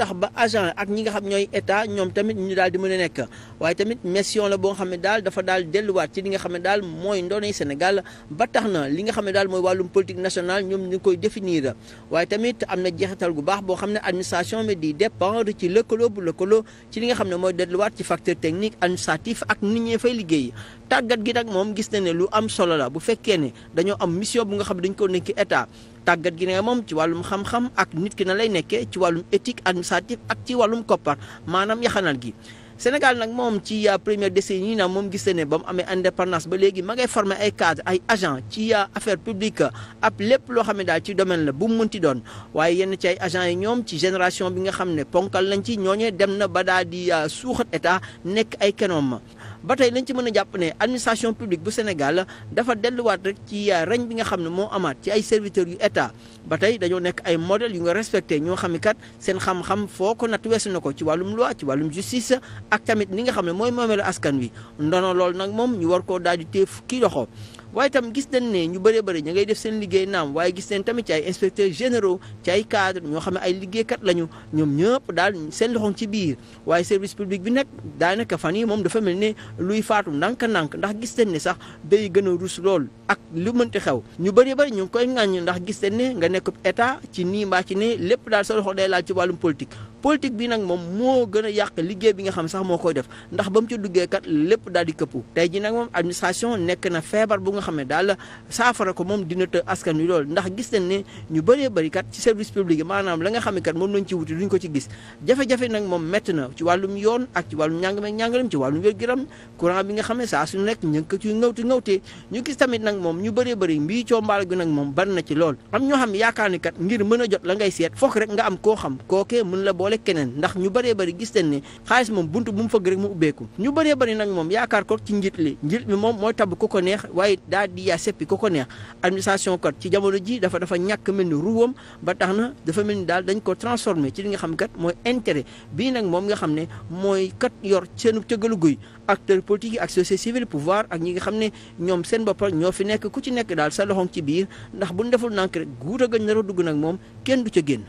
tax ba agent ak ñi nga xam ñooy état ñoom tamit ñu daal di mën a nekk waaye tamit mession la boo xam ne daal dafa daal delluwaat ci li nga xam ne daal mooy ndoonay Sénégal ba tax na li nga xam ne daal mooy wàllum politique national ñoom ñu koy définir waaye tamit am na jeexital gu baax boo xam ne administration bi di dépendre ci lëkkaloo bu lëkkaloo ci li nga xam ne mooy delluwaat ci facteur technique administratif ak nit ñi fay liggéey tàggat gi nag moom gis na ne lu am solo la bu fekkee ne dañoo am mission bu nga xam ne dañ koo nekk état tàggat gi ne moom ci wàllum xam-xam ak nit ki na lay nekkee ci wàllum éthique administrative ak ci wàllum koppar maanaam yaxanal gi Sénégal nag moom ci euh, première décennie nag moom gis ne ba mu amee indépendance ba léegi ma ngay former ay cadre ay agent ci euh, affaire publique ab lépp loo xam ne daal ci domaine la bu mu munti doon waaye yenn ci ay agent yi ñoom ci génération bi nga xam ne ponkal lañ ci ñooñee dem na ba daal di euh, suuxat état nekk ay kenoom ba tey lañ ci mën a jàpp ne administration publique bu Sénégal dafa delluwaat rek ci euh, reñ bi nga xam ne moo amaat ci ay serviteurs yu état ba tey dañoo nekk ay modèles yu nga respecté ñoo xam ne kat seen xam-xam foo ko nat weesu na ko ci wàllum loi ci wàllum justice ak tamit ni nga xam ne mooy moomeelu askan wi ndono loolu nag moom ñu war koo daal di téye fukki loxo waaye itam gis nañ ne ñu bëree bëri ña ngay def seen liggéey naam waaye gis nañ tamit ci ay inspecteurs généraux ci ay cadres ñoo xam ne ay liggéeykat lañu ñoom ñëpp daal seen loxoon ci biir waaye service public bi nag daanaka fan yi moom dafa mel ne luy faatu ndànk-ndànk ndax gis nañ ne sax day gën a rus lool ak lu mënti xew ñu bëree bëri ñu ngi koy ŋàññ ndax gis nañ ne nga nekk état ci nii mbaa ci ne lépp daal sa loxo day laal ci wàllum politique politique bi nag moom moo gën a yàq liggéey bi nga xam sax moo koy def ndax ba mu ci duggee kat lépp daal di këppu tey ji nag moom administration nekk na feebar bu nga xam ne daal saafara ko moom dina të askan wi loolu ndax gis nañ ne ñu bëree bëri ci service public maanaam la nga xam ne kat moom lañ ci wuti duñ ko ci gis jafe-jafe nag moom métti na wàllum yoon ak ci wàllum njàng meeg njàngalem ci wàllum wér-gu-yaram courant bi nga xam ne saa su nekk ñu ngi ko ciy ngawti ñu gis tamit nag moom ñu bëree bëri mbii coombaal gi nag moom bari na ci lool am ñoo xam yaakaar ni kat ngir mën a jot la ngay seet fokk rek nga am koo xam boole keneen ndax ñu bëree bëri gis nañ ne xaalis moom bunt bu mu fëgg rek mu ubbeeku ñu bëree bëri nag moom yaakaar ko ci njiit li njiit mi moom mooy tabb ko ko neex waaye daal di yaa seppi ko ko neex administration kat ci jamono ji dafa dafa ñàkk mel ni ruwam ba tax na dafa mel ni daal dañ ko transformé ci li nga xam kat mooy intérêt bii nag moom nga xam ne mooy kat yor seenu cëggalu guy acteur politique yi ak société civile pouvoir ak ñi nga xam ne ñoom seen bopp ñoo fi nekk ku ci nekk daal sa loxoom ci biir ndax bu ñu deful nànk rek guut a gëñ nar a dugg nag moom kenn du ca génn